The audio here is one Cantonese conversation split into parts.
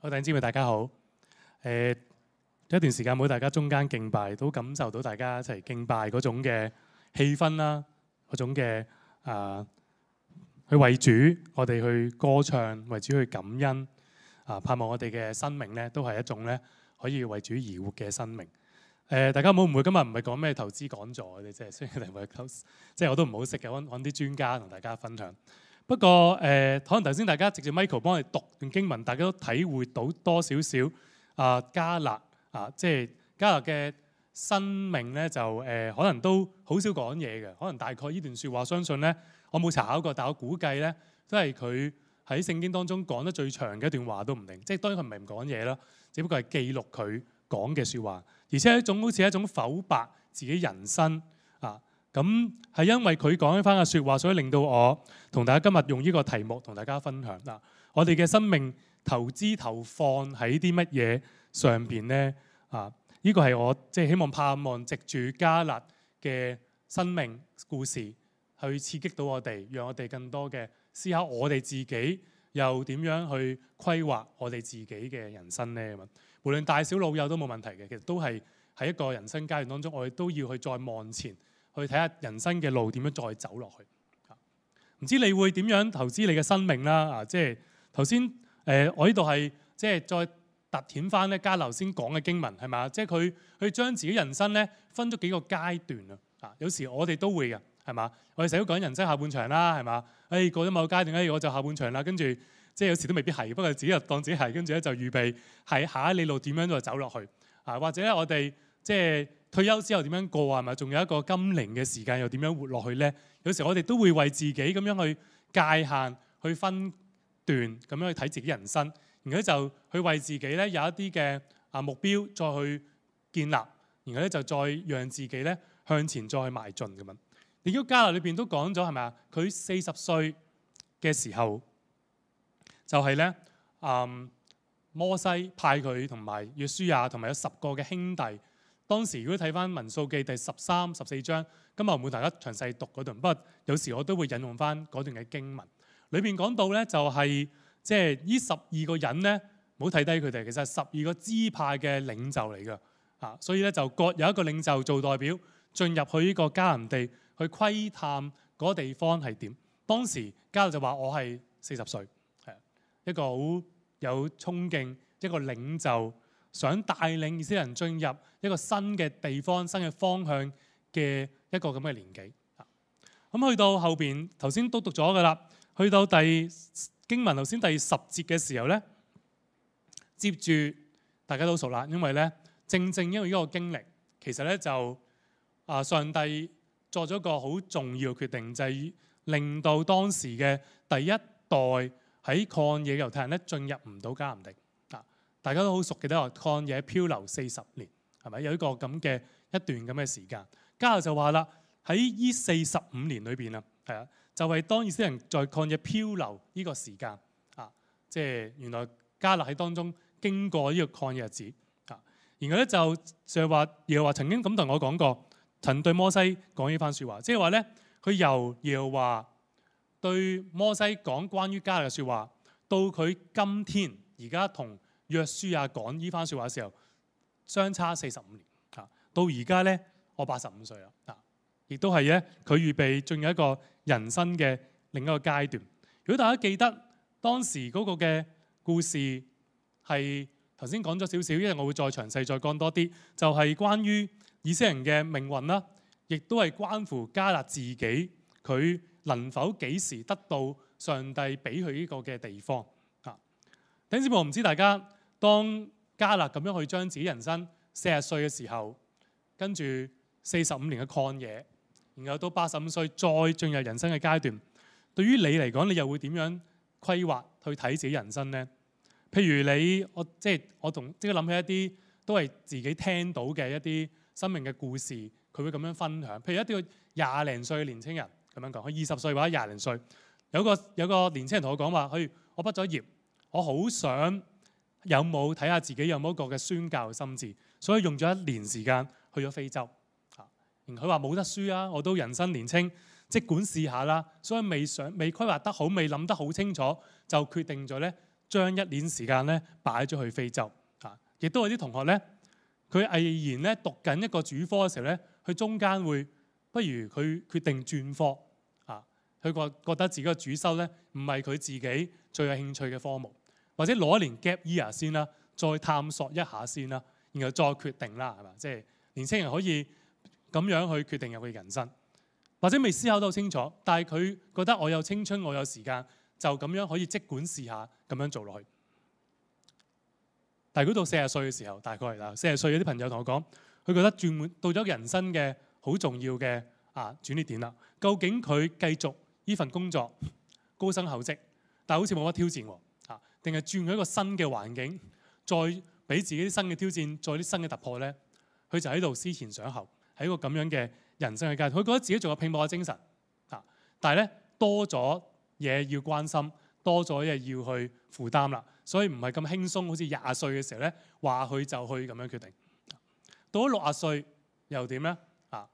好，弟兄姊妹大家好。有一段時間冇大家中間敬拜，都感受到大家一齊敬拜嗰種嘅氣氛啦，嗰種嘅啊、呃、去為主，我哋去歌唱，為主去感恩。啊、呃，盼望我哋嘅生命咧，都係一種咧可以為主而活嘅生命。誒、呃，大家好，唔會今日唔係講咩投資講座嘅啫，所以嚟為溝， 即係我都唔好識嘅，揾啲專家同大家分享。不過誒、呃，可能頭先大家直接 Michael 幫我哋讀段經文，大家都體會到多少少啊，加勒啊，即係加勒嘅生命呢，就誒可能都好少講嘢嘅。可能大概呢段説話，相信呢我冇查考過，但我估計呢，都係佢喺聖經當中講得最長嘅一段話都唔定。即係當然佢唔係唔講嘢啦，只不過係記錄佢講嘅説話，而且係一種好似一種剖白自己人生啊。咁係、嗯、因為佢講一番嘅說話，所以令到我同大家今日用呢個題目同大家分享嗱。我哋嘅生命投資投放喺啲乜嘢上邊咧？啊，呢、這個係我即係、就是、希望盼望藉住加勒嘅生命故事，去刺激到我哋，讓我哋更多嘅思考，我哋自己又點樣去規劃我哋自己嘅人生咧？無論大小老幼都冇問題嘅，其實都係喺一個人生階段當中，我哋都要去再望前。去睇下人生嘅路點樣再走落去，唔知你會點樣投資你嘅生命啦？啊，即係頭先誒，我呢度係即係再突顯翻呢家頭先講嘅經文係嘛？即係佢佢將自己人生呢分咗幾個階段啊！啊，有時我哋都會嘅，係嘛？我哋成日都講人生下半場啦，係嘛？誒、哎、過咗某個階段咧、哎，我就下半場啦，跟住即係有時都未必係，不過自己又當自己係，跟住呢，就預備喺下一哩路點樣再走落去啊？或者咧，我哋即係。退休之後點樣過啊？係咪仲有一個金齡嘅時間又點樣活落去呢？有時我哋都會為自己咁樣去界限、去分段、咁樣去睇自己人生，然後就去為自己呢有一啲嘅啊目標再去建立，然後呢，就再讓自己呢向前再去邁進咁樣。《利烏加拿》裏邊都講咗係咪啊？佢四十歲嘅時候就係、是、呢嗯，摩西派佢同埋約書亞同埋有十個嘅兄弟。當時如果睇翻《民數記》第十三、十四章，今日唔會大家詳細讀嗰段，不過有時我都會引用翻嗰段嘅經文。裏面講到呢，就係即係呢十二個人呢，唔好睇低佢哋，其實十二個支派嘅領袖嚟㗎，所以呢，就各有一個領袖做代表，進入去呢個迦南地去窺探嗰地方係點。當時迦勒就話：我係四十歲，一個好有衝勁一個領袖。想帶領一些人進入一個新嘅地方、新嘅方向嘅一個咁嘅年紀。咁、嗯、去到後邊，頭先都讀咗噶啦。去到第經文頭先第十節嘅時候呢，接住大家都熟啦，因為呢，正正因為呢個經歷，其實呢，就啊上帝作咗個好重要嘅決定，就係、是、令到當時嘅第一代喺曠野嘅猶太人呢進入唔到迦南地。大家都好熟嘅，都話曠野漂流四十年係咪有一個咁嘅一段咁嘅時間？加勒就話啦，喺呢四十五年裏邊啊，係、就是、啊，就係當思人在曠野漂流呢個時間啊，即係原來加勒喺當中經過呢個曠野日子啊。然後呢，就就話，耶和華曾經咁同我講過，曾對摩西講呢番説話，即係話呢，佢由耶和華對摩西講關於加勒嘅説話，到佢今天而家同。約書亞講依番説話嘅時候，相差四十五年吓。到而家呢，我八十五歲啦，啊，亦都係呢，佢預備進入一個人生嘅另一個階段。如果大家記得當時嗰個嘅故事是，係頭先講咗少少，因為我會再詳細再講多啲，就係、是、關於以色列人嘅命運啦，亦都係關乎加勒自己，佢能否幾時得到上帝俾佢呢個嘅地方啊？等陣我唔知大家。當加勒咁樣去將自己人生四十歲嘅時候，跟住四十五年嘅曠野，然後到八十五歲再進入人生嘅階段。對於你嚟講，你又會點樣規劃去睇自己人生呢？譬如你我即係、就是、我同即刻諗起一啲都係自己聽到嘅一啲生命嘅故事，佢會咁樣分享。譬如一啲廿零歲嘅年青人咁樣講，佢二十歲或者廿零歲有個有個年青人同我講話，我畢咗業，我好想。有冇睇下自己有冇一個嘅宣教心智？所以用咗一年時間去咗非洲。佢話冇得輸啊！我都人生年青，即管試下啦。所以未想、未規劃得好、未諗得好清楚，就決定咗呢：將一年時間呢擺咗去非洲。嚇、啊，亦都有啲同學呢，佢毅然呢讀緊一個主科嘅時候呢，佢中間會不如佢決定轉科。嚇、啊，佢覺覺得自己嘅主修呢，唔係佢自己最有興趣嘅科目。或者攞一年 gap year 先啦，再探索一下先啦，然後再決定啦，係嘛？即係年青人可以咁樣去決定入去人生，或者未思考到清楚，但係佢覺得我有青春，我有時間，就咁樣可以即管試下咁樣做落去。但係佢到四十歲嘅時候，大概啦，四十歲有啲朋友同我講，佢覺得轉換到咗人生嘅好重要嘅啊轉捩點啦。究竟佢繼續呢份工作高薪厚職，但係好似冇乜挑戰。淨係轉去一個新嘅環境，再俾自己啲新嘅挑戰，再啲新嘅突破呢，佢就喺度思前想後，喺一個咁樣嘅人生嘅階段。佢覺得自己仲有拼搏嘅精神，啊！但係呢，多咗嘢，要關心，多咗嘢要去負擔啦，所以唔係咁輕鬆。好似廿歲嘅時候呢，話去就去咁樣決定。到咗六十歲又點呢？啊，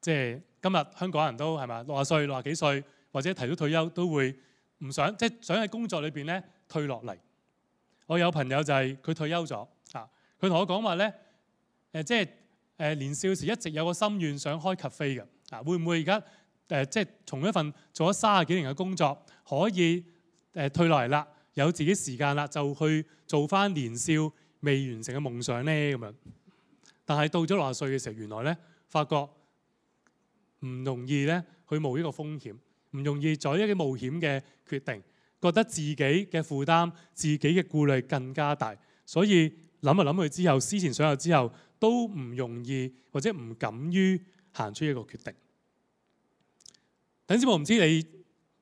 即係今日香港人都係嘛？六十歲、六十幾歲或者提早退休，都會唔想即係想喺工作裏邊呢，退落嚟，我有朋友就係佢退休咗啊！佢同我講話呢，即係年少時一直有個心願想開 cafe 嘅啊！會唔會而家即係從一份做咗三十幾年嘅工作，可以退落嚟啦，有自己時間啦，就去做翻年少未完成嘅夢想呢？咁樣？但係到咗六十歲嘅時候，原來呢，發覺唔容易呢，去冒呢個風險，唔容易做一啲冒險嘅決定。覺得自己嘅負擔、自己嘅顧慮更加大，所以諗啊諗去之後、思前想後之後都唔容易，或者唔敢於行出一個決定。等先，我唔知你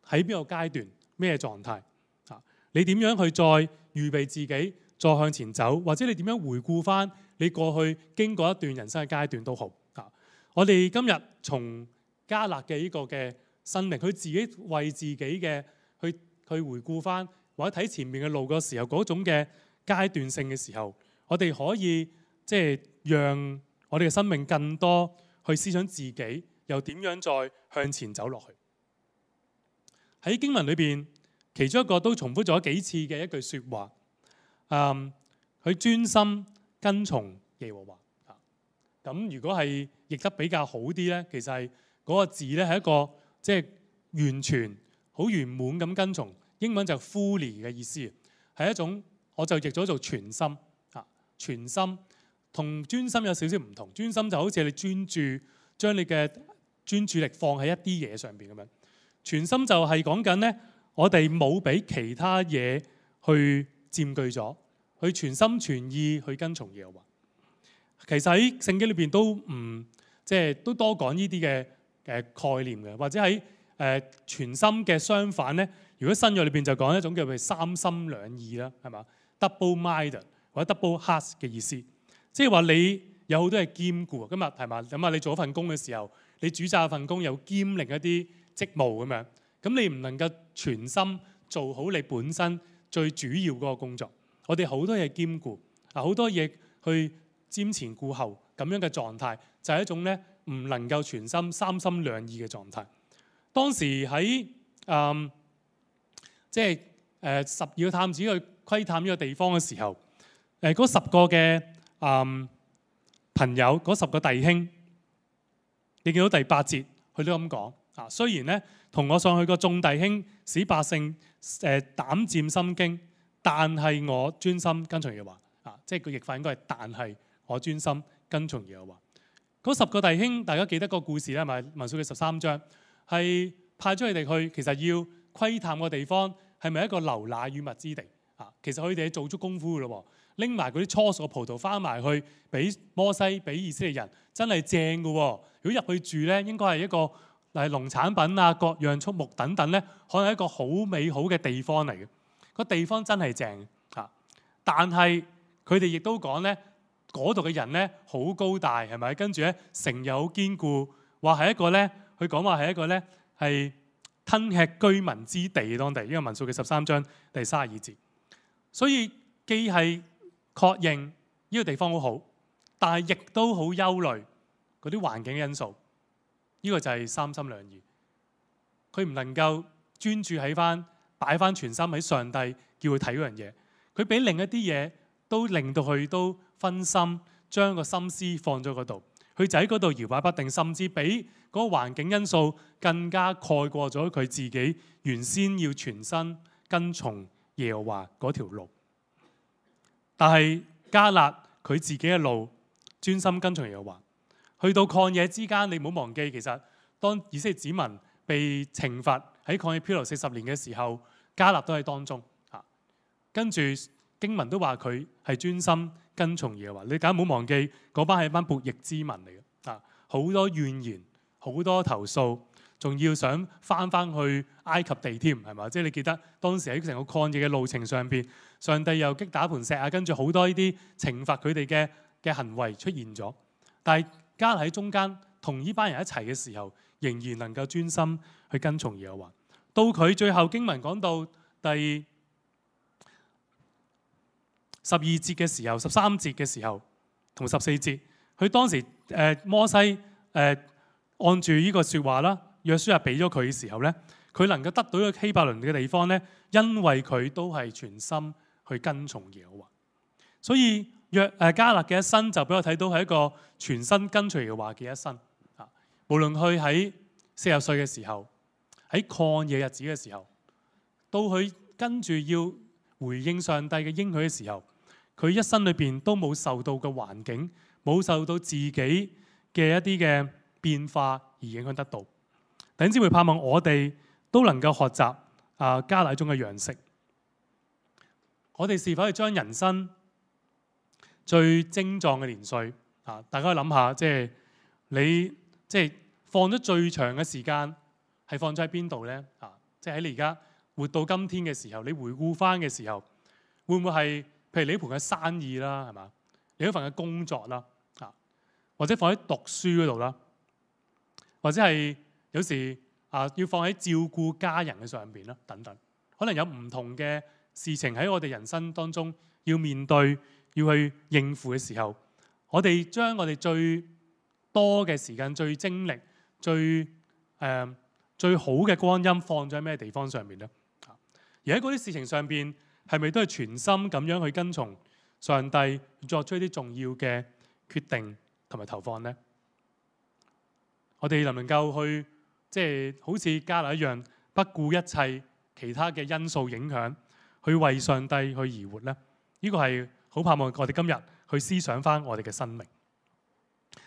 喺邊個階段、咩狀態啊？你點樣去再預備自己，再向前走，或者你點樣回顧翻你過去經過一段人生嘅階段都好啊？我哋今日從迦勒嘅呢個嘅生命，佢自己為自己嘅去。去回顧翻或者睇前面嘅路嘅時候，嗰種嘅階段性嘅時候，我哋可以即係、就是、讓我哋嘅生命更多去思想自己，又點樣再向前走落去。喺經文裏面，其中一個都重複咗幾次嘅一句說話，佢、嗯、專心跟從耶和華。咁如果係譯得比較好啲呢，其實嗰、那個字呢係一個即係、就是、完全。好圓滿咁跟從，英文就 fully 嘅意思，係一種，我就譯咗做全心，全心同專心有少少唔同，專心就好似你專注將你嘅專注力放喺一啲嘢上邊咁樣，全心就係講緊呢：我哋冇俾其他嘢去佔據咗，去全心全意去跟從耶和華。其實喺聖經裏邊都唔即係都多講呢啲嘅概念嘅，或者喺。誒、呃、全心嘅相反呢，如果新約裏面就講一種叫三心兩意啦，係嘛？double minded 或者 double heart 嘅意思，即係話你有好多嘢兼顧，今日係嘛？咁啊，你做一份工嘅時候，你主責份工，又兼另一啲職務咁樣，咁你唔能夠全心做好你本身最主要嗰個工作。我哋好多嘢兼顧啊，好多嘢去瞻前顧後咁樣嘅狀態，就係、是、一種呢——唔能夠全心三心兩意嘅狀態。當時喺誒、嗯，即係誒、呃、十二個探子去窺探呢個地方嘅時候，誒、呃、嗰十個嘅誒、嗯、朋友，嗰十個弟兄，你見到第八節，佢都咁講啊。雖然咧，同我上去個眾弟兄使百姓誒、呃、膽戰心驚，但係我專心跟從耶和華啊，即係個譯法應該係但係我專心跟從耶和華嗰十個弟兄。大家記得個故事咧，咪民數記嘅十三章。係派出佢哋去，其實要窺探個地方係咪一個流奶與蜜之地啊？其實佢哋係做足功夫嘅咯，拎埋嗰啲初熟嘅葡萄翻埋去俾摩西，俾以色列人真係正嘅、啊。如果入去住呢，應該係一個誒農產品啊、各樣畜牧等等呢，可能係一個好美好嘅地方嚟嘅。個地方真係正的啊！但係佢哋亦都講呢，嗰度嘅人呢，好高大係咪？跟住呢，城又好堅固，話係一個呢。佢講話係一個咧係吞吃居民之地，當地因為民數記十三章第三十二節，所以既係確認呢個地方好好，但係亦都好憂慮嗰啲環境因素。呢、這個就係三心兩意，佢唔能夠專注喺翻擺翻全心喺上帝叫佢睇嗰樣嘢，佢俾另一啲嘢都令到佢都分心，將個心思放咗嗰度。佢就喺嗰度搖擺不定，甚至比嗰個環境因素更加蓋過咗佢自己原先要全身跟從耶和華嗰條路。但係加勒佢自己嘅路專心跟從耶和華。去到曠野之間，你唔好忘記，其實當以色列子民被懲罰喺曠野漂流四十年嘅時候，加勒都喺當中。啊，跟住經文都話佢係專心跟從耶和華，你梗係唔好忘記，嗰班係一班悖逆之民嚟嘅，啊，好多怨言，好多投訴，仲要想翻返去埃及地添，係嘛？即係你記得當時喺成個抗疫嘅路程上邊，上帝又擊打磐石啊，跟住好多呢啲懲罰佢哋嘅嘅行為出現咗。但係加喺中間同呢班人一齊嘅時候，仍然能夠專心去跟從耶和華。到佢最後經文講到第十二節嘅時候，十三節嘅時候同十四節，佢當時誒、呃、摩西誒、呃、按住呢個説話啦，約書亞俾咗佢嘅時候呢，佢能夠得到一個希伯倫嘅地方呢，因為佢都係全心去跟從耶和華。所以約誒、呃、加勒嘅一生就俾我睇到係一個全心跟隨耶和華嘅一生。啊，無論佢喺四十歲嘅時候，喺曠野日子嘅時候，到佢跟住要回應上帝嘅應許嘅時候，佢一生裏邊都冇受到嘅環境，冇受到自己嘅一啲嘅變化而影響得到，等先會盼望我哋都能夠學習啊迦勒中嘅樣式。我哋是否去將人生最精壯嘅年歲啊？大家可以諗下，即係你即係放咗最長嘅時間係放咗喺邊度呢？啊？即係你而家活到今天嘅時候，你回顧翻嘅時候會唔會係？譬如你呢盤嘅生意啦，係嘛？你呢份嘅工作啦，啊，或者放喺讀書嗰度啦，或者係有時啊，要放喺照顧家人嘅上邊啦，等等，可能有唔同嘅事情喺我哋人生當中要面對、要去應付嘅時候，我哋將我哋最多嘅時間、最精力、最誒、呃、最好嘅光陰放咗喺咩地方上面呢？而喺嗰啲事情上邊。係咪都係全心咁樣去跟從上帝作出一啲重要嘅決定同埋投放呢？我哋能唔能夠去即係、就是、好似迦勒一樣，不顧一切其他嘅因素影響，去為上帝去而活呢？呢、這個係好盼望我哋今日去思想翻我哋嘅生命。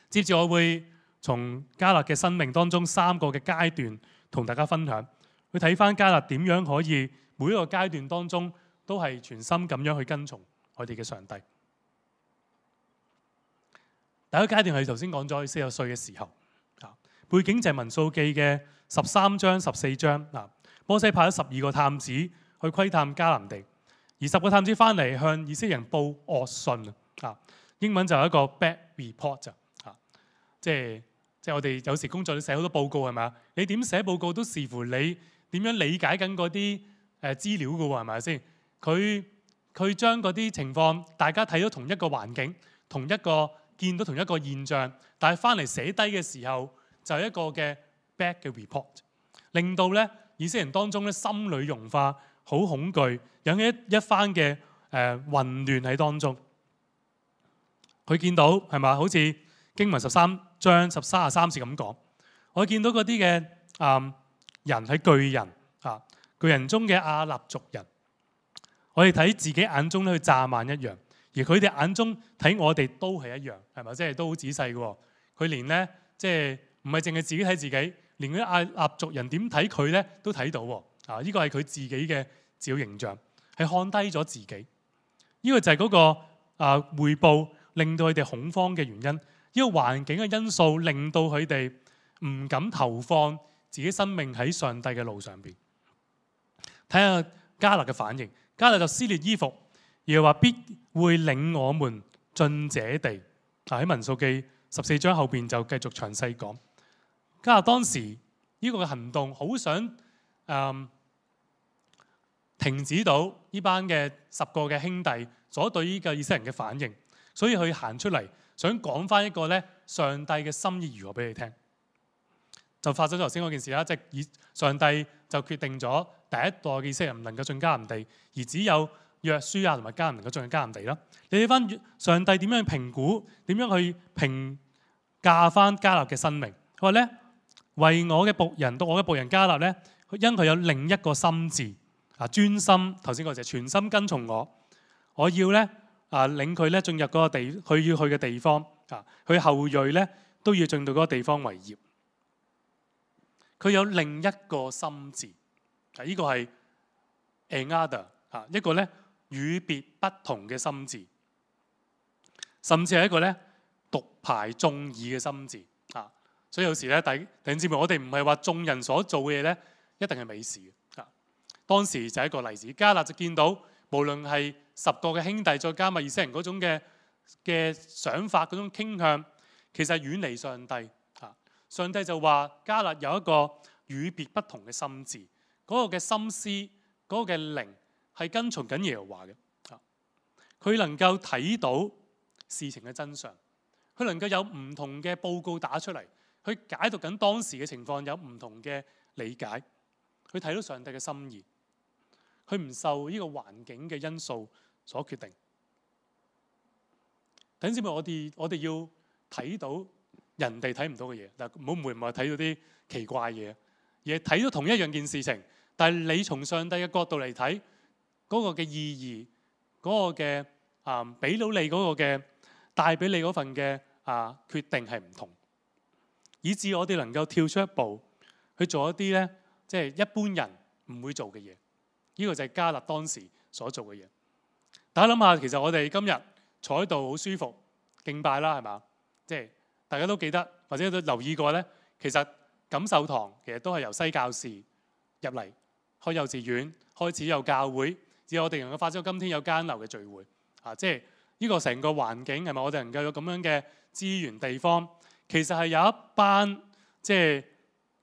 接住我會從迦勒嘅生命當中三個嘅階段同大家分享，去睇翻迦勒點樣可以每一個階段當中。都係全心咁樣去跟從我哋嘅上帝。第一個階段係頭先講咗四十歲嘅時候，啊背景就係民數記嘅十三章十四章，啊摩西派咗十二個探子去窺探迦南地，而十個探子翻嚟向以色列人報惡訊，啊英文就係一個 bad report 啊，即係即係我哋有時工作你寫好多報告係咪？你點寫報告都視乎你點樣理解緊嗰啲誒資料噶喎係咪先？佢佢將啲情況，大家睇到同一個環境，同一個見到同一個現象，但係翻嚟寫低嘅時候就係一個嘅 bad 嘅 report，令到咧以色列人當中咧心裏融化，好恐懼，引起一,一番嘅誒、呃、混亂喺當中。佢見到係嘛？好似經文十三章十三啊三是咁講，我見到嗰啲嘅啊人係巨人啊，巨人中嘅亞納族人。我哋睇自己眼中去蚱蜢一樣；而佢哋眼中睇我哋都係一樣，係咪？即係都好仔細嘅。佢連呢，即係唔係淨係自己睇自己，連啲亞衲族人點睇佢呢都睇到。啊，呢個係佢自己嘅自我形象，係看低咗自己。呢個就係嗰個啊，回報令到佢哋恐慌嘅原因。呢個環境嘅因素令到佢哋唔敢投放自己生命喺上帝嘅路上邊。睇下迦勒嘅反應。加勒就撕裂衣服，而係話必會領我們進這地。嗱喺民數記十四章後邊就繼續詳細講。加勒當時呢個嘅行動好想嗯，停止到呢班嘅十個嘅兄弟所對呢個以色列人嘅反應，所以佢行出嚟想講返一個咧上帝嘅心意如何俾你聽。就發生咗頭先嗰件事啦，即係上帝就決定咗。第一代嘅以色列唔能夠進入迦南地，而只有約書亞同埋迦南能夠進入迦南地啦。你睇翻上帝點樣評估，點樣去評價翻迦勒嘅生命？佢話咧，為我嘅僕人，到我嘅僕人迦勒咧，因佢有另一個心志啊，專心頭先嗰隻全心跟從我。我要咧啊，領佢咧進入嗰個地，佢要去嘅地方啊，佢後裔咧都要進到嗰個地方為業。佢有另一個心志。呢依個係 another 啊，一個咧與別不同嘅心智，甚至係一個咧獨排眾議嘅心智啊。所以有時咧，第第二節我哋唔係話眾人所做嘅嘢咧一定係美事啊。當時就是一個例子，加勒就見到無論係十個嘅兄弟，再加埋以色列人嗰種嘅嘅想法，嗰種傾向，其實遠離上帝啊。上帝就話：加勒有一個與別不同嘅心智。嗰個嘅心思，嗰個嘅靈係跟從緊耶和華嘅，佢能夠睇到事情嘅真相，佢能夠有唔同嘅報告打出嚟，佢解讀緊當時嘅情況有唔同嘅理解，佢睇到上帝嘅心意，佢唔受呢個環境嘅因素所決定。等陣先我哋我哋要睇到人哋睇唔到嘅嘢，但係唔好唔係睇到啲奇怪嘢，而係睇到同一樣件事情。但係你從上帝嘅角度嚟睇，嗰個嘅意義，嗰個嘅啊，俾到你嗰個嘅帶俾你嗰份嘅啊決定係唔同，以至我哋能夠跳出一步去做一啲咧，即係一般人唔會做嘅嘢。呢個就係加勒當時所做嘅嘢。大家諗下，其實我哋今日坐喺度好舒服敬拜啦，係嘛？即係大家都記得或者都留意過咧，其實錦繡堂其實都係由西教士入嚟。開始有幼稚園，開始有教會，至我哋能夠發展到今天有加恩樓嘅聚會。啊，即係呢、這個成個環境係咪我哋能夠有咁樣嘅資源地方？其實係有一班即係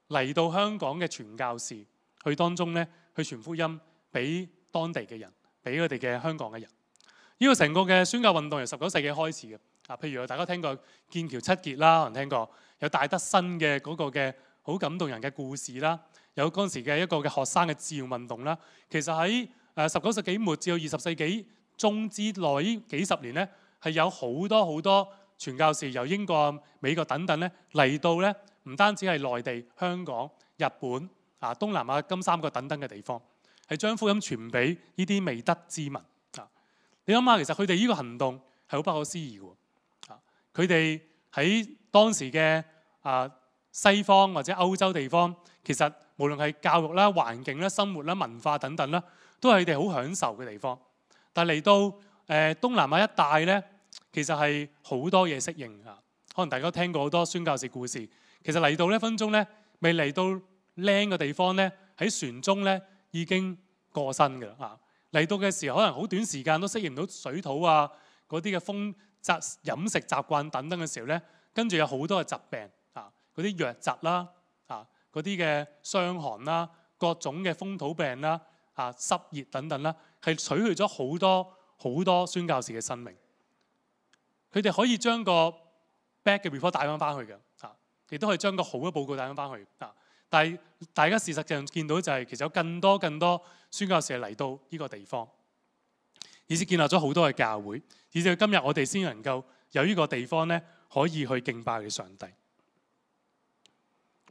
嚟到香港嘅傳教士去當中咧，去傳福音俾當地嘅人，俾佢哋嘅香港嘅人。呢、這個成個嘅宣教運動由十九世紀開始嘅。啊，譬如大家聽過劍橋七傑啦，可能聽過，有戴德生嘅嗰個嘅好感動人嘅故事啦。有嗰陣時嘅一個嘅學生嘅志願運動啦，其實喺誒十九世紀末至到二十世紀中之內幾十年咧，係有好多好多傳教士由英國、美國等等咧嚟到咧，唔單止係內地、香港、日本啊、東南亞金三角等等嘅地方，係將福音傳俾呢啲未得之民啊。你諗下，其實佢哋呢個行動係好不可思議嘅喎，佢哋喺當時嘅啊西方或者歐洲地方，其實無論係教育啦、環境啦、生活啦、文化等等啦，都係你哋好享受嘅地方。但係嚟到誒、呃、東南亞一帶呢，其實係好多嘢適應啊。可能大家聽過好多宣教士故事。其實嚟到呢分鐘呢，未嚟到靚嘅地方呢，喺船中呢已經過身㗎啦啊！嚟到嘅時候，可能好短時間都適應唔到水土啊，嗰啲嘅風習、飲食習慣等等嘅時候呢，跟住有好多嘅疾病啊，嗰啲瘧疾啦。嗰啲嘅傷寒啦，各種嘅風土病啦，啊，濕熱等等啦，係取去咗好多好多宣教士嘅生命。佢哋可以將個 bad 嘅 report 帶翻翻去嘅，啊，亦都可以將個好嘅報告帶翻翻去。啊，但係大家事實上見到就係、是、其實有更多更多宣教士嚟到呢個地方，以致建立咗好多嘅教會，以致今日我哋先能夠有呢個地方咧可以去敬拜上帝。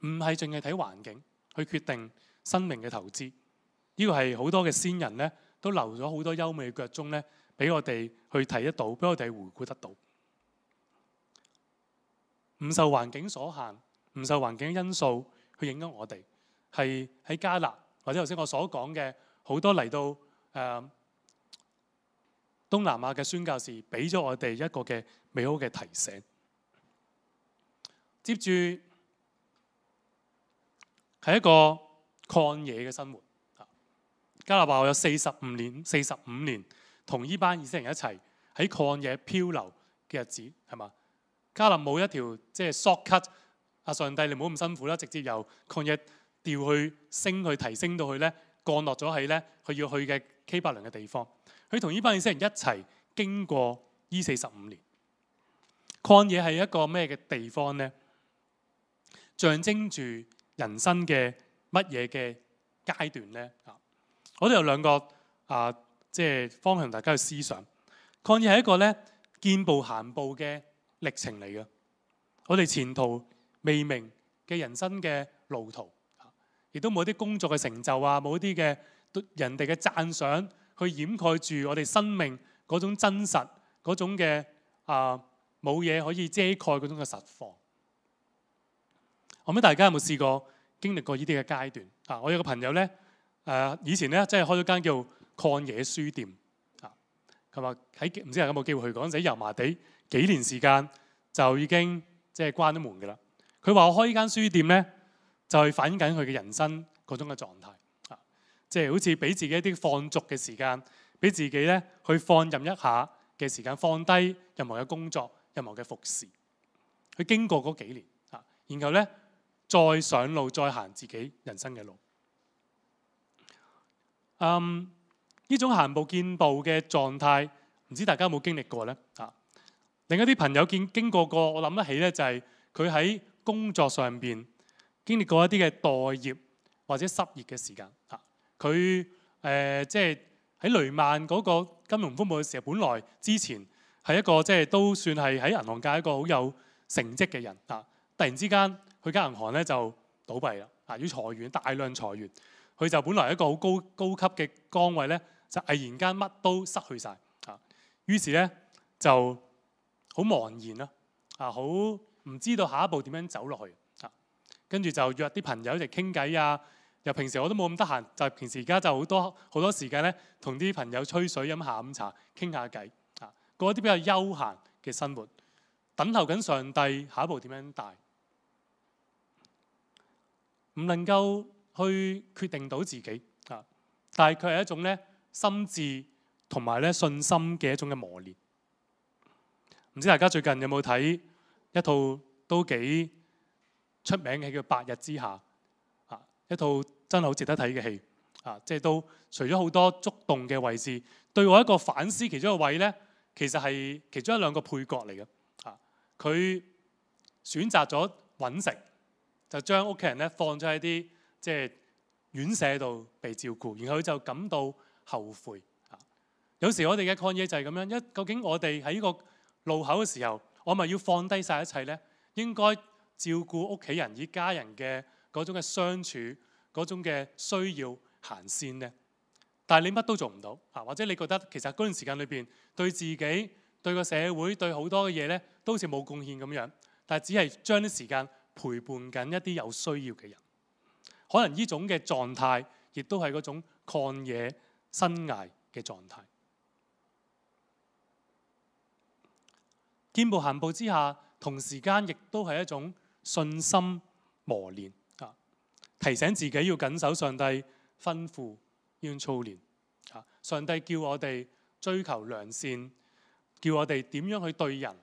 唔係淨係睇環境去決定生命嘅投資，呢個係好多嘅先人呢都留咗好多優美嘅腳蹤呢俾我哋去睇得到，俾我哋回顧得到。唔受環境所限，唔受環境因素去影響我哋，係喺迦勒或者頭先我所講嘅好多嚟到誒、啊、東南亞嘅宣教士，俾咗我哋一個嘅美好嘅提醒。接住。係一個曠野嘅生活。迦勒話：我有四十五年，四十五年同呢班以色列人一齊喺曠野漂流嘅日子，係嘛？迦勒冇一條即係 shortcut。阿上帝，你唔好咁辛苦啦，直接由曠野調去升去，去提升到去咧，降落咗喺咧佢要去嘅希伯崙嘅地方。佢同呢班以色列人一齊經過呢四十五年曠野係一個咩嘅地方呢？象徵住。人生嘅乜嘢嘅階段呢？啊？我哋有兩個啊，即、就是、方向，大家嘅思想抗疫係一個咧，見步行步嘅歷程嚟嘅。我哋前途未明嘅人生嘅路途，亦都冇啲工作嘅成就啊，冇啲嘅人哋嘅讚賞去掩蓋住我哋生命嗰種真實嗰種嘅啊，冇、呃、嘢可以遮蓋嗰種嘅實況。後尾大家有冇試過經歷過呢啲嘅階段啊？我有個朋友呢，誒以前呢，即係開咗間叫曠野書店啊。佢話喺唔知有冇機會去？嗰陣時油麻地幾年時間就已經即係關咗門㗎喇。佢話我開呢間書店呢，就係、是、反映緊佢嘅人生嗰種嘅狀態啊，即、就、係、是、好似俾自己一啲放逐嘅時間，俾自己呢去放任一下嘅時間，放低任何嘅工作、任何嘅服侍。佢經過嗰幾年啊，然後呢。再上路，再行自己人生嘅路。嗯，呢種行步見步嘅狀態，唔知大家有冇經歷過呢？嚇、啊，另一啲朋友見經過過，我諗得起呢，就係佢喺工作上邊經歷過一啲嘅待業或者失業嘅時間。嚇、啊，佢誒即係喺雷曼嗰個金融風暴嘅時候，本來之前係一個即係、就是、都算係喺銀行界一個好有成績嘅人。嚇、啊，突然之間。佢間銀行咧就倒閉啦，啊要裁員，大量裁員。佢就本來一個好高高級嘅崗位呢，就突然間乜都失去晒。啊，於是呢，就好茫然啦，啊，好唔知道下一步點樣走落去，啊，跟住就約啲朋友一齊傾偈啊。又平時我都冇咁得閒，就平時而家就好多好多時間呢，同啲朋友吹水、飲下午茶、傾下偈，啊，過一啲比較休閒嘅生活，等候緊上帝下一步點樣帶。唔能夠去決定到自己啊，但係佢係一種咧心智同埋咧信心嘅一種嘅磨練。唔知道大家最近有冇睇一套都幾出名嘅戲叫《白日之下》啊，一套真係好值得睇嘅戲啊，即係都除咗好多觸動嘅位置，對我一個反思其中一個位呢，其實係其中一兩個配角嚟嘅啊，佢選擇咗揾食。就將屋企人咧放咗喺啲即係院舍度被照顧，然後佢就感到後悔。有時我哋嘅抗 o 就係咁樣，一究竟我哋喺呢個路口嘅時候，我咪要放低晒一切呢？應該照顧屋企人、依家人嘅嗰種嘅相處、嗰種嘅需要先行先呢？但係你乜都做唔到啊，或者你覺得其實嗰段時間裏邊對自己、對個社會、對好多嘅嘢呢，都好似冇貢獻咁樣，但係只係將啲時間。陪伴緊一啲有需要嘅人，可能呢種嘅狀態，亦都係嗰種曠野生涯嘅狀態。見步行步之下，同時間亦都係一種信心磨練啊！提醒自己要謹守上帝吩咐要操練啊！上帝叫我哋追求良善，叫我哋點樣去對人，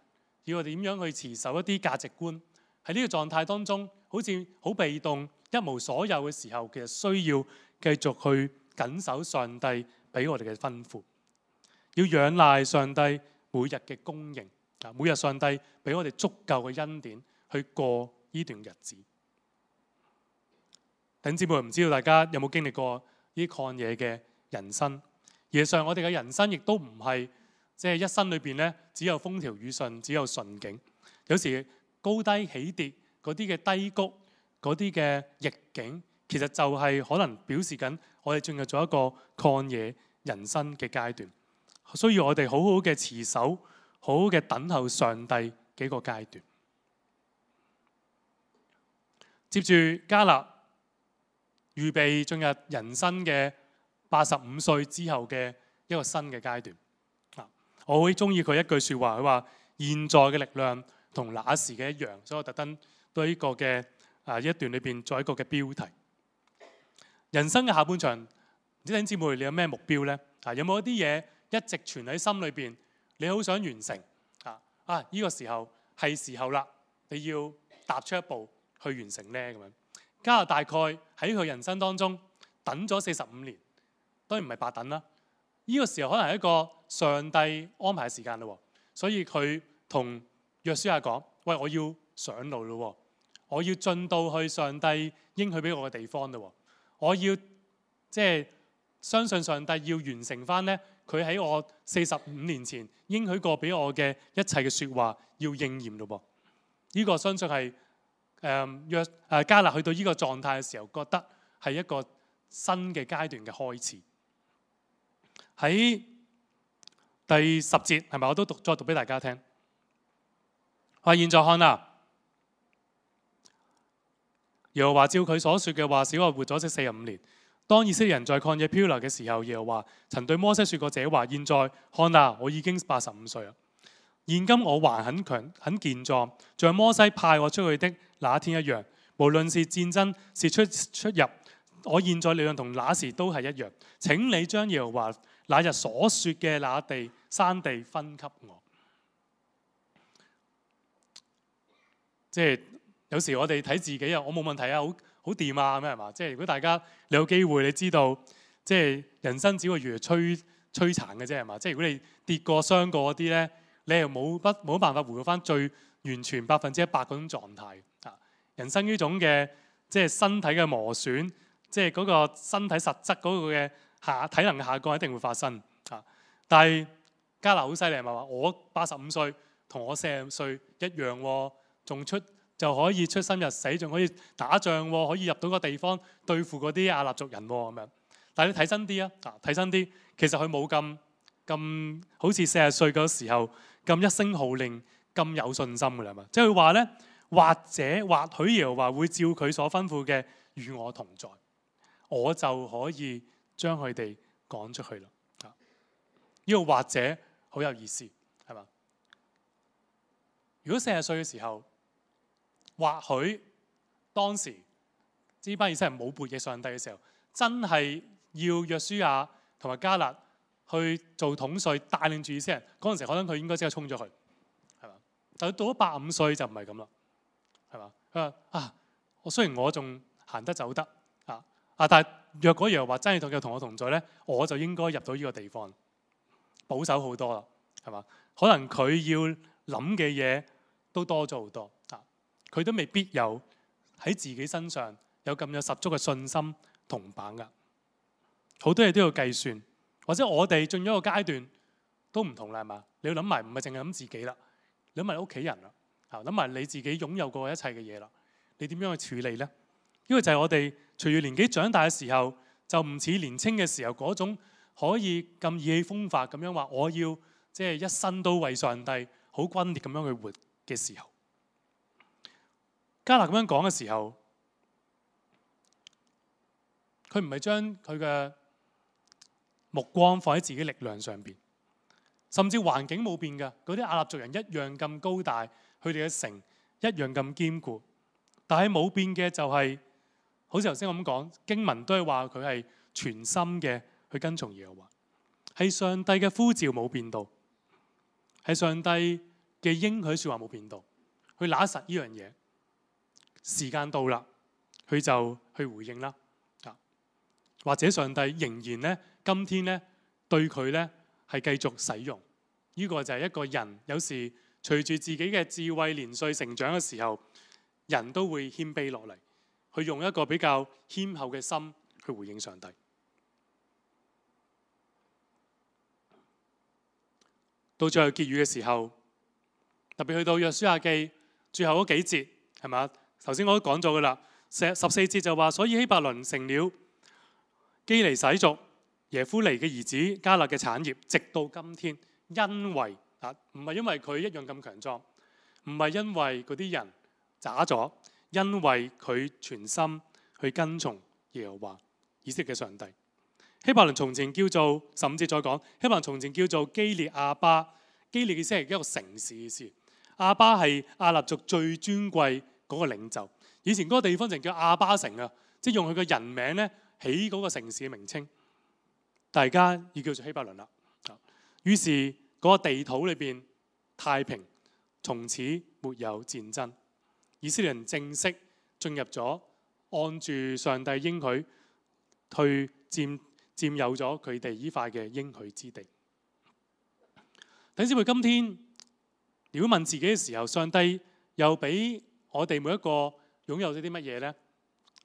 要我哋點樣去持守一啲價值觀。喺呢個狀態當中，好似好被動、一無所有嘅時候，其實需要繼續去謹守上帝俾我哋嘅吩咐，要仰賴上帝每日嘅供應啊！每日上帝俾我哋足夠嘅恩典，去過呢段日子。頂姊妹，唔知道大家有冇經歷過呢啲曠野嘅人生？夜上我哋嘅人生亦都唔係即係，一生裏邊咧，只有風調雨順，只有順境，有時，高低起跌嗰啲嘅低谷，嗰啲嘅逆境，其實就係可能表示緊我哋進入咗一個曠野人生嘅階段，需要我哋好好嘅持守，好好嘅等候上帝幾個階段。接住迦勒，預備進入人生嘅八十五歲之後嘅一個新嘅階段。我好中意佢一句說話，佢話：「現在嘅力量。同那時嘅一樣，所以我特登對呢個嘅啊一段裏邊作一個嘅標題。人生嘅下半場，唔知弟兄姊妹，你有咩目標呢？啊，有冇一啲嘢一直存喺心裏邊，你好想完成啊？啊，呢、這個時候係時候啦，你要踏出一步去完成呢。咁樣。迦勒大概喺佢人生當中等咗四十五年，當然唔係白等啦。呢、這個時候可能係一個上帝安排嘅時間咯，所以佢同，約書亞講：喂，我要上路咯，我要進到去上帝應許俾我嘅地方咯。我要即係、就是、相信上帝要完成返呢。佢喺我四十五年前應許過俾我嘅一切嘅説話，要應驗咯。噉，呢個相信係誒、嗯、約誒、啊、迦勒去到呢個狀態嘅時候，覺得係一個新嘅階段嘅開始。喺第十節係咪？我都讀再讀俾大家聽。話現在看啊，Hannah，耶和華照佢所說嘅話，小亞活咗四十五年。當以色列人在曠野漂流嘅時候，耶和華曾對摩西說過這話：現在看啊，Hannah，我已經八十五歲了。現今我還很強、很健壯，像摩西派我出去的那天一樣。無論是戰爭，是出出入，我現在力量同那時都係一樣。請你將耶和華那日所說嘅那地山地分給我。即係有時我哋睇自己啊，我冇問題啊，好好掂啊咁樣係嘛？即係如果大家你有機會，你知道即係人生只會越嚟摧摧殘嘅啫係嘛？即係如果你跌過、傷過嗰啲呢，你係冇不冇辦法回復翻最完全百分之一百嗰種狀態啊！人生呢種嘅即係身體嘅磨損，即係嗰個身體實質嗰個嘅下體能下降一定會發生啊！但係迦勒好犀利係嘛？我八十五歲同我四十歲一樣喎、啊。仲出就可以出生入死，仲可以打仗，可以入到個地方對付嗰啲亞納族人咁樣，但你睇真啲啊，睇真啲，其實佢冇咁咁好似四十歲嗰時候，咁一聲號令咁有信心嘅啦，係嘛？即係佢話咧，或者或許又話會照佢所吩咐嘅與我同在，我就可以將佢哋趕出去啦。呢、這個或者好有意思，係嘛？如果四十歲嘅時候，或許當時呢班以色列人冇背嘅上帝嘅時候，真係要約書亞同埋迦勒去做統帥，帶領住以色列人嗰陣時，可能佢應該即刻衝咗去，係嘛？但到咗八五歲就唔係咁啦，係嘛？佢話啊，我雖然我仲行得走得啊啊，但係若果又人話真係同佢同我同在呢，我就應該入到呢個地方，保守好多啦，係嘛？可能佢要諗嘅嘢都多咗好多。佢都未必有喺自己身上有咁有十足嘅信心同把握，好多嘢都要計算，或者我哋進咗個階段都唔同啦，係嘛？你要諗埋唔係淨係諗自己啦，諗埋屋企人啦，嚇諗埋你自己擁有過一切嘅嘢啦，你點樣去處理咧？呢個就係我哋隨住年紀長大嘅時候，就唔似年輕嘅時候嗰種可以咁意氣風發咁樣話我要即係一生都為上帝好轟烈咁樣去活嘅時候。迦勒咁樣講嘅時候，佢唔係將佢嘅目光放喺自己力量上邊，甚至環境冇變嘅，嗰啲亞衲族人一樣咁高大，佢哋嘅城一樣咁堅固。但係冇變嘅就係、是，好似頭先我咁講，經文都係話佢係全心嘅去跟從耶和華，係上帝嘅呼召冇變到，係上帝嘅應許説話冇變到，佢揦實呢樣嘢。時間到啦，佢就去回應啦。或者上帝仍然呢，今天呢，對佢呢係繼續使用。呢個就係一個人有時隨住自己嘅智慧年歲成長嘅時候，人都會謙卑落嚟，去用一個比較謙厚嘅心去回應上帝。到最後結語嘅時候，特別去到約書亞記最後嗰幾節，係嘛？頭先我都講咗嘅啦，十四節就話，所以希伯倫成了基尼洗族耶孚尼嘅兒子加勒嘅產業，直到今天因不是因不是因，因為啊唔係因為佢一樣咁強壯，唔係因為嗰啲人渣咗，因為佢全心去跟從耶和華以色列嘅上帝。希伯倫從前叫做，十五節再講，希伯倫從前叫做基列亞巴，基列嘅事係一個城市嘅事，亞巴係亞納族最尊貴。嗰個領袖，以前嗰個地方就叫亞巴城啊，即係用佢個人名咧起嗰個城市嘅名稱。大家而叫做希伯倫啦。於是嗰、那個地土裏面太平，從此沒有戰爭。以色列人正式進入咗按住上帝應許，去佔，佔有咗佢哋依塊嘅應許之地。弟兄姊妹，今天如果問自己嘅時候，上帝又俾？我哋每一個擁有咗啲乜嘢呢？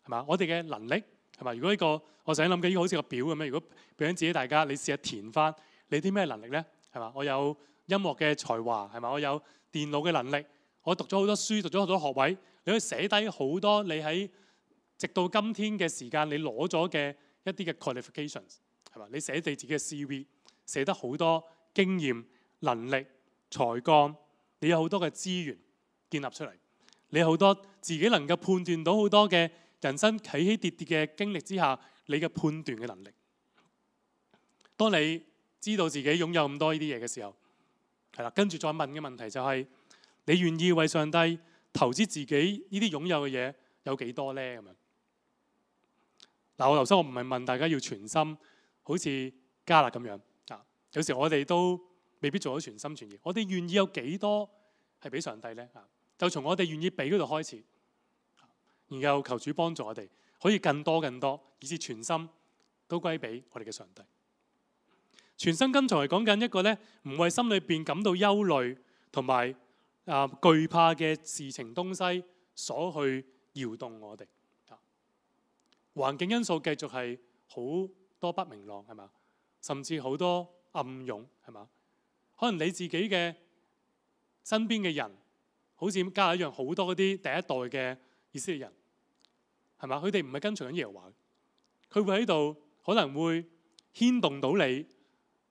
係嘛？我哋嘅能力係嘛？如果呢、呢個我想諗緊，呢個、好似個表咁樣。如果俾緊自己大家，你試下填翻你啲咩能力呢？係嘛？我有音樂嘅才華係嘛？我有電腦嘅能力。我讀咗好多書，讀咗好多學位。你可以寫低好多你喺直到今天嘅時間你攞咗嘅一啲嘅 qualifications 係嘛？你寫你寫自己嘅 CV，寫得好多經驗、能力、才幹，你有好多嘅資源建立出嚟。你好多自己能夠判斷到好多嘅人生起起跌跌嘅經歷之下，你嘅判斷嘅能力。當你知道自己擁有咁多呢啲嘢嘅時候，係啦，跟住再問嘅問題就係：你願意為上帝投資自己呢啲擁有嘅嘢有幾多呢？咁樣嗱，我頭先我唔係問大家要全心，好似加勒咁樣啊。有時我哋都未必做咗全心全意，我哋願意有幾多係俾上帝呢？啊？就從我哋願意俾嗰度開始，然後求主幫助我哋可以更多更多，以至全心都歸俾我哋嘅上帝。全心跟才嚟講緊一個咧，唔為心裏邊感到憂慮同埋啊懼怕嘅事情東西所去搖動我哋，啊。環境因素繼續係好多不明朗係嘛，甚至好多暗湧係嘛，可能你自己嘅身邊嘅人。好似加勒一樣，好多嗰啲第一代嘅以色列人，係嘛？佢哋唔係跟隨緊耶和華，佢會喺度可能會牽動到你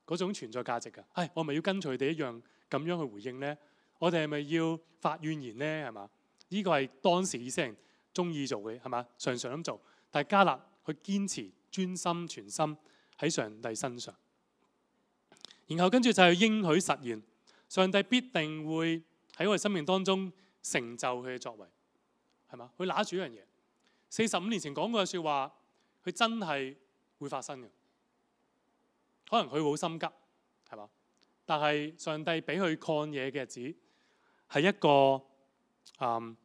嗰種存在價值嘅。唉，我咪要跟隨佢哋一樣咁樣去回應呢？我哋係咪要發怨言呢？係嘛？呢個係當時以色列人鍾意做嘅，係嘛？常常咁做，但係加勒佢堅持專心全心喺上帝身上，然後跟住就係應許實現，上帝必定會。喺我哋生命當中成就佢嘅作為，係嘛？佢揦住一樣嘢，四十五年前講過嘅説話，佢真係會發生嘅。可能佢會好心急，係嘛？但係上帝俾佢曠野嘅日子係一個誒、嗯、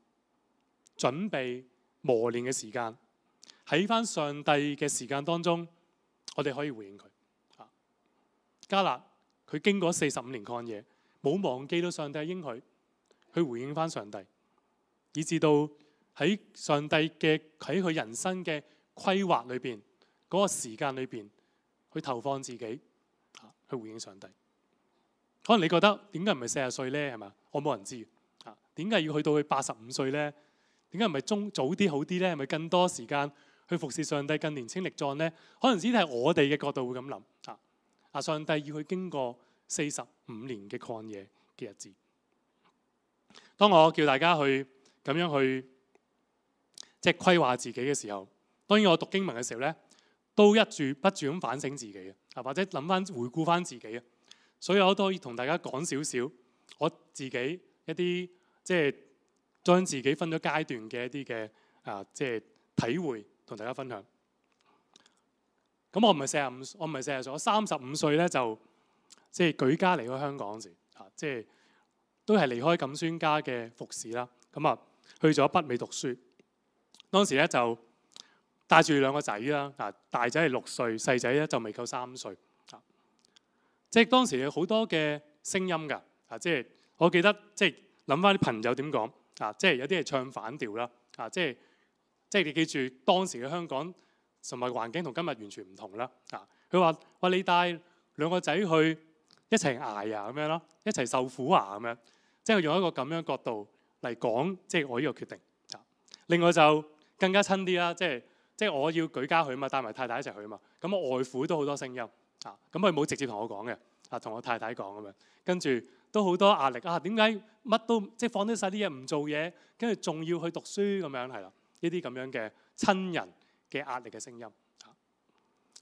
準備磨練嘅時間。喺返上帝嘅時間當中，我哋可以回應佢。迦勒佢經過四十五年曠野，冇忘記到上帝應許。去回應翻上帝，以至到喺上帝嘅、喺佢人生嘅規劃裏邊，嗰個時間裏邊去投放自己，去回應上帝。可能你覺得點解唔係四十歲呢？係嘛？我冇人知。啊，點解要去到佢八十五歲呢？點解唔係中早啲好啲呢？係咪更多時間去服侍上帝，更年青力壯呢？可能只係我哋嘅角度會咁諗。啊，上帝要去經過四十五年嘅曠野嘅日子。當我叫大家去咁樣去即係規劃自己嘅時候，當然我讀經文嘅時候呢，都一住不住咁反省自己啊，或者諗翻、回顧翻自己啊。所以我都可以同大家講少少我自己一啲即係將自己分咗階段嘅一啲嘅啊，即係體會同大家分享。咁我唔係四十五，我唔係四十歲，我三十五歲呢，就即係舉家離開香港時即係，都係離開錦孫家嘅服侍啦，咁啊去咗北美讀書。當時咧就帶住兩個仔啦，啊大仔係六歲，細仔咧就未夠三歲。啊，即係當時有好多嘅聲音㗎，啊即係我記得即係諗翻啲朋友點講，啊即係有啲係唱反調啦，啊即係即係你記住當時嘅香港同埋環境同今日完全唔同啦。啊，佢話：喂你帶兩個仔去一齊捱啊咁樣咯，一齊受苦啊咁樣。即係用一個咁樣嘅角度嚟講，即係我呢個決定。另外就更加親啲啦，即係即係我要舉家去嘛，帶埋太太一齊去嘛。咁我外父都好多聲音啊，咁佢冇直接同我講嘅，啊同我太太講咁樣，跟住都好多壓力啊。點解乜都即係放低晒啲嘢唔做嘢，跟住仲要去讀書咁樣係啦？呢啲咁樣嘅親人嘅壓力嘅聲音。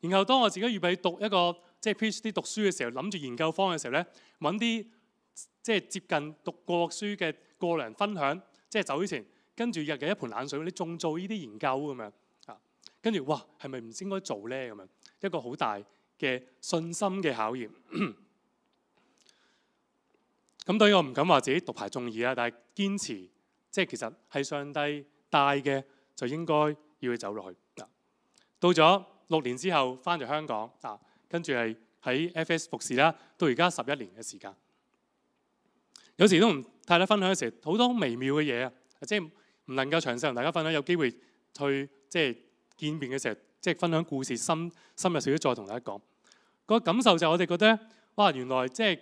然後當我自己預備讀一個即係 PhD 讀書嘅時候，諗住研究方嘅時候咧，揾啲，即係接近讀過書嘅過嚟人分享，即係走之前跟住日日一盆冷水。你仲做呢啲研究咁樣啊？跟住話係咪唔應該做呢？咁樣一個好大嘅信心嘅考驗。咁當然我唔敢話自己獨排眾議啊，但係堅持即係其實係上帝帶嘅，就應該要去走落去。到咗六年之後翻咗香港啊，跟住係喺 F. S. 服侍啦，到而家十一年嘅時間。有時都唔太得分享嘅時，好多很微妙嘅嘢啊！即係唔能夠詳細同大家分享。有機會去即係、即係、見面嘅時候，即、就、係、是、分享故事，深深入少少，再同大家講、個感受。就係我哋覺得哇，原來即係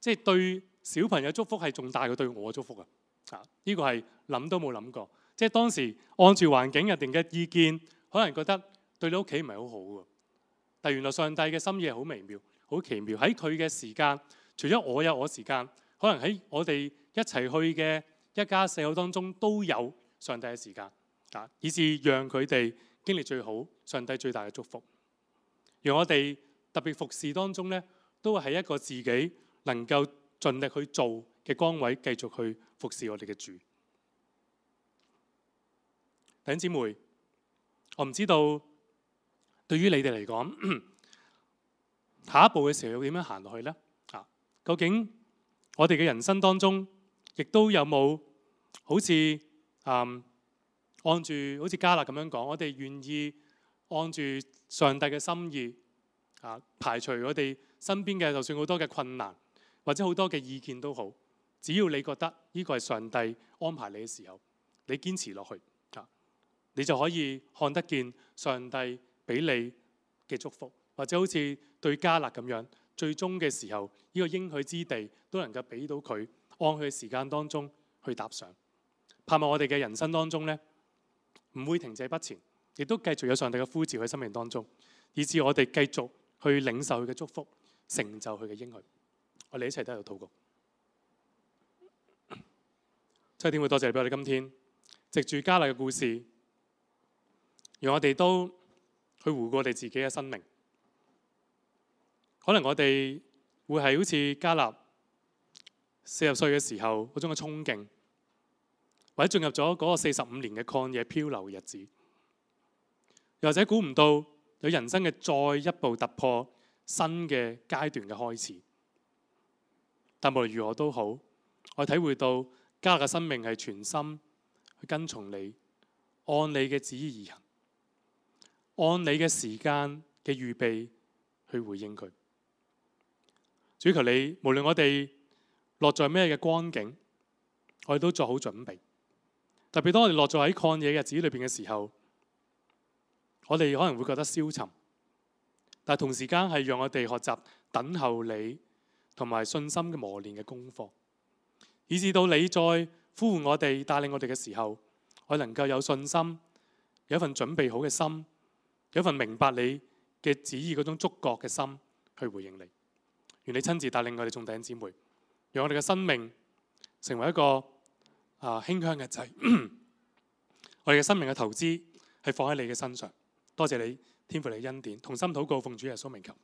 即係對小朋友祝福係仲大過對我嘅祝福啊！啊，呢、這個係諗都冇諗過。即、就、係、是、當時按住環境入定嘅意見，可能覺得對你屋企唔係好好喎。但係原來上帝嘅心意係好微妙、好奇妙。喺佢嘅時間，除咗我有我嘅時間。可能喺我哋一齊去嘅一家四口當中都有上帝嘅時間，啊！以至讓佢哋經歷最好上帝最大嘅祝福，讓我哋特別服侍當中呢，都喺一個自己能夠盡力去做嘅崗位，繼續去服侍我哋嘅主。弟兄姊妹，我唔知道對於你哋嚟講，下一步嘅時候要點樣行落去呢？啊，究竟，我哋嘅人生當中，亦都有冇好似、嗯、按住好似迦勒咁樣講，我哋願意按住上帝嘅心意啊，排除我哋身邊嘅就算好多嘅困難，或者好多嘅意見都好，只要你覺得呢個係上帝安排你嘅時候，你堅持落去啊，你就可以看得見上帝俾你嘅祝福，或者好似對迦勒咁樣。最終嘅時候，呢、這個應許之地都能夠俾到佢按佢嘅時間當中去踏上，盼望我哋嘅人生當中呢，唔會停滯不前，亦都繼續有上帝嘅呼召喺生命當中，以致我哋繼續去領受佢嘅祝福，成就佢嘅應許。我哋一齊都喺度禱告。秋天會多謝你俾我哋今天藉住迦勒嘅故事，讓我哋都去回顧我哋自己嘅生命。可能我哋會係好似加納四十歲嘅時候嗰種嘅憧憬，或者進入咗嗰個四十五年嘅曠野漂流嘅日子，又或者估唔到有人生嘅再一步突破，新嘅階段嘅開始。但無論如何都好，我體會到加納嘅生命係全心去跟從你，按你嘅旨意而行，按你嘅時間嘅預備去回應佢。主求你，無論我哋落在咩嘅光景，我哋都做好準備。特別當我哋落在喺曠野嘅日子裏邊嘅時候，我哋可能會覺得消沉，但同時間係讓我哋學習等候你同埋信心嘅磨練嘅功課，以至到你在呼喚我哋帶領我哋嘅時候，我能夠有信心，有一份準備好嘅心，有一份明白你嘅旨意嗰種觸覺嘅心去回應你。願你親自帶領我哋眾弟兄姊妹，讓我哋嘅生命成為一個啊馨香嘅祭。 我哋嘅生命嘅投資係放喺你嘅身上，多謝你天父你嘅恩典，同心禱告奉主耶穌名求。